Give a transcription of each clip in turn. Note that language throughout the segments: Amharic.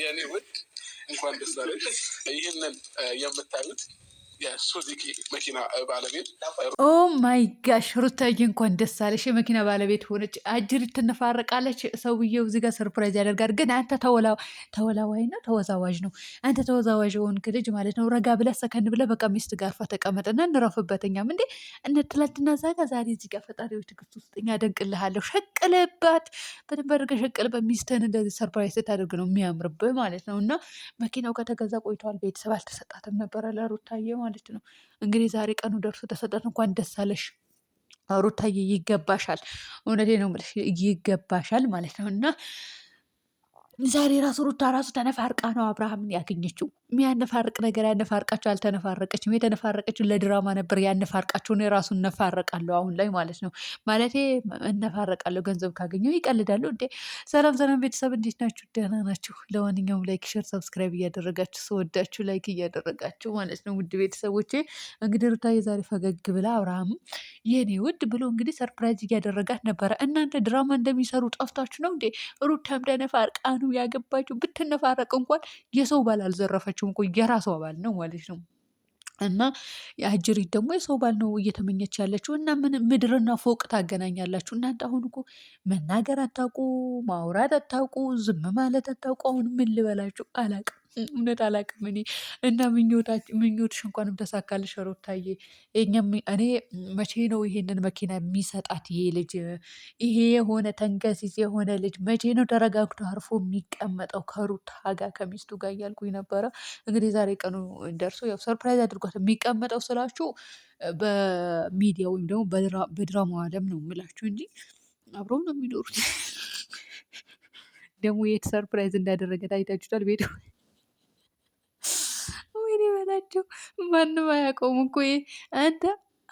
የእኔ ውድ እንኳን ደስ አለሽ። ይህንን የምታዩት የሱዚኪ መኪና ባለቤት ኦ ማይ ጋሽ ሩታዬ እንኳን ደስ አለሽ፣ የመኪና ባለቤት ሆነች። አጅር ትነፋረቃለች። ሰውዬው እዚህ ጋር ሰርፕራይዝ ያደርጋል። ግን አንተ ተወላዋይ ነው ተወዛዋዥ ነው አንተ ተወዛዋዥ የሆንክ ልጅ ማለት ነው። ረጋ ብለህ ሰከን ብለህ በቃ ሚስት ጋርፋ ተቀመጠና እንረፍበትኛም እንዴ እነ ትላንትና እዛ ዛሬ እዚህ ጋር ፈጣሪዎች ትግስት ውስጥ እኛ አደንቅልሃለሁ ሸቅ ቅልባት በደንብ አድርገሽ ቅልበት። ሚስትህን እንደዚህ ሰርፕራይዝ ስታደርግ ነው የሚያምርብህ ማለት ነው። እና መኪናው ከተገዛ ቆይተዋል። ቤተሰብ አልተሰጣትም ነበረ ለሩታዬ ማለት ነው። እንግዲህ ዛሬ ቀኑ ደርሶ ተሰጣት። እንኳን ደስ አለሽ ሩታዬ፣ ይገባሻል። እውነቴ ነው የምልሽ ይገባሻል ማለት ነው። እና ዛሬ ራሱ ሩታ ራሱ ተነፋርቃ ነው አብርሃምን ያገኘችው። የሚያነፋርቅ ነገር ያነፋርቃቸው አልተነፋረቀችም። የተነፋረቀችው ለድራማ ነበር። ያነፋርቃቸው የራሱ እነፋረቃለሁ አሁን ላይ ማለት ነው። ማለት እነፋረቃለሁ ገንዘብ ካገኘው ይቀልዳሉ እንዴ። ሰላም ሰላም ቤተሰብ እንዴት ናችሁ? ደህና ናችሁ? ለማንኛውም ላይክ፣ ሸር፣ ሰብስክራይብ እያደረጋችሁ ስወዳችሁ ላይክ እያደረጋችሁ ማለት ነው። ውድ ቤተሰቦቼ እንግዲህ ሩታ የዛሬ ፈገግ ብላ አብርሃም የኔ ውድ ብሎ እንግዲህ ሰርፕራይዝ እያደረጋት ነበረ። እናንተ ድራማ እንደሚሰሩ ጠፍታችሁ ነው እንዴ? ሩታም ተነፋርቃ ነው ያገባችሁ። ብትነፋረቅ እንኳን የሰው ባል የለችውም እኮ የራሷ ባል ነው ማለት ነው። እና የአጅሪት ደግሞ የሰው ባል ነው እየተመኘች ያለችው። እና ምን ምድርና ፎቅ ታገናኛላችሁ እናንተ? አሁን እኮ መናገር አታውቁ፣ ማውራት አታውቁ፣ ዝም ማለት አታውቁ። አሁን ምን ልበላችሁ አላውቅም። እውነት አላውቅም እኔ እና ምኞትሽ እንኳንም ተሳካልሽ ሩታዬ። እኔ መቼ ነው ይሄንን መኪና የሚሰጣት ይሄ ልጅ? ይሄ የሆነ ተንገሲዝ የሆነ ልጅ መቼ ነው ተረጋግቶ አርፎ የሚቀመጠው ከሩታ ጋር ከሚስቱ ጋር እያልኩኝ ነበረ። እንግዲህ ዛሬ ቀኑ ደርሶ ያው ሰርፕራይዝ አድርጓት የሚቀመጠው ስላችሁ በሚዲያ ወይም ደግሞ በድራማ ዓለም ነው የምላችሁ እንጂ አብሮ ነው የሚኖሩት። ደግሞ የት ሰርፕራይዝ እንዳደረገ ታይታችሁታል ቤት ይበላቸው። ማንም አያውቀውም እኮ አንተ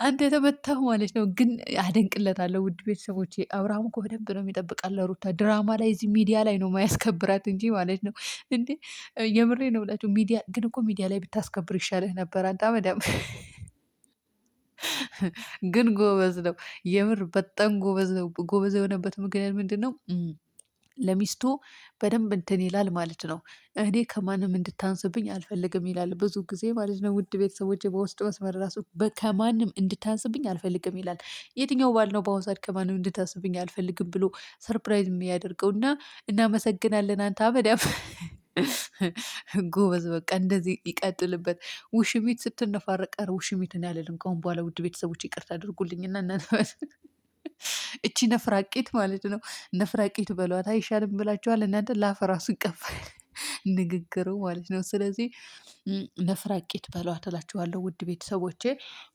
አንተ የተመታሁ ማለት ነው። ግን አደንቅለታለሁ። ውድ ቤተሰቦች አብርሃም እኮ በደንብ ነው የሚጠብቃለ። ሩታ ድራማ ላይ እዚህ ሚዲያ ላይ ነው ማያስከብራት እንጂ ማለት ነው እንዴ! የምሬ ነው ብላችሁ ሚዲያ ግን እኮ ሚዲያ ላይ ብታስከብር ይሻልህ ነበር አንተ መዳም ግን ጎበዝ ነው የምር በጣም ጎበዝ ነው። ጎበዝ የሆነበት ምክንያት ምንድን ነው? ለሚስቱ በደንብ እንትን ይላል ማለት ነው። እኔ ከማንም እንድታንስብኝ አልፈልግም ይላል ብዙ ጊዜ ማለት ነው። ውድ ቤተሰቦች በውስጥ መስመር ራሱ ከማንም እንድታንስብኝ አልፈልግም ይላል። የትኛው ባል ነው በአሁኑ ሰዓት ከማንም እንድታንስብኝ አልፈልግም ብሎ ሰርፕራይዝ የሚያደርገው? እና እናመሰግናለን አንተ አመዳም ጎበዝ በቃ እንደዚህ ይቀጥልበት። ውሽሚት ስትነፋረቀር ውሽሚትን ያለልን ከአሁን በኋላ ውድ ቤተሰቦች ይቅርታ አድርጉልኝና እናንተ እቺ ነፍራቂት ማለት ነው። ነፍራቂት በሏት አይሻልም ብላችኋል እናንተ። ላፍ ራሱ ይቀፋል ንግግሩ ማለት ነው። ስለዚህ ነፍራቂት በሏት እላችኋለሁ ውድ ቤተሰቦቼ።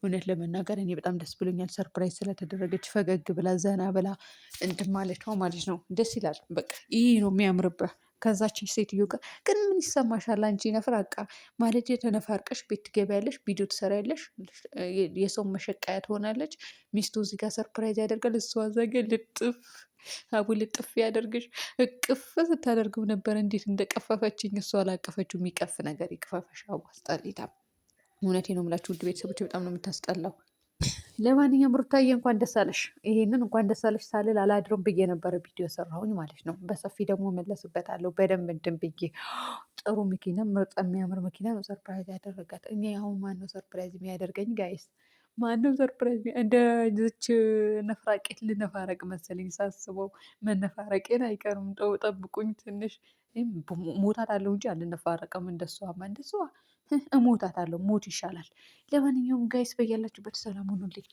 እውነት ለመናገር እኔ በጣም ደስ ብሎኛል፣ ሰርፕራይዝ ስለተደረገች ፈገግ ብላ ዘና ብላ እንትን ማለቷ ማለት ነው። ደስ ይላል። በቃ ይህ ነው የሚያምርብህ ከዛች ሴትዮ ጋር ግን ምን ይሰማሻል አንቺ ነፍራቃ? ማለት የተነፋርቀሽ ቤት ትገቢያለሽ፣ ቪዲዮ ትሰሪያለሽ፣ የሰው መሸቀያ ትሆናለች። ሚስቱ እዚህ ጋር ሰርፕራይዝ ያደርጋል፣ እሷ እዛ ጋር ልጥፍ አቡ ልጥፍ ያደርግሽ። እቅፍ ስታደርገው ነበር እንዴት እንደቀፈፈችኝ። እሷ አላቀፈችው፣ የሚቀፍ ነገር ይቅፈፈሽ። አቡ አስጠሊታ። እውነቴ ነው የምላችሁ ውድ ቤተሰቦች፣ በጣም ነው የምታስጠላው። ለማንኛውም ሩታዬ እንኳን ደስ አለሽ። ይሄንን እንኳን ደስ አለሽ ሳልል አላድርም ብዬ ነበረ ቪዲዮ ሰራሁኝ ማለት ነው። በሰፊ ደግሞ መለስበታለሁ በደንብ እንድን ብዬ ጥሩ መኪና፣ ምርጥ የሚያምር መኪና ነው ሰርፕራይዝ ያደረጋት። እኔ አሁን ማነው ሰርፕራይዝ የሚያደርገኝ ጋይስ? ማንም ሰርፕራይዝ እንደ ዝች ነፍራቄት ልነፋረቅ መሰለኝ ሳስበው፣ መነፋረቄን አይቀርም። ጠብቁኝ ትንሽ ሞታታለሁ እንጂ አልነፋረቅም እንደሷማ እንደሷ እሞታታለሁ። ሞት ይሻላል። ለማንኛውም ጋይስ በያላችሁበት ሰላም ሁኑልኝ።